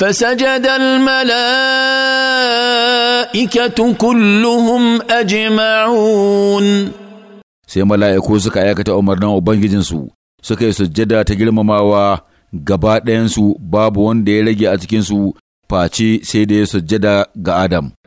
فسجد الملائكة كلهم أجمعون sai mala'iku suka aikata umarnin Ubangijinsu suka yi sujjada ta girmamawa gaba ɗayansu babu wanda ya rage a cikinsu face sai da ya sujjada ga Adam.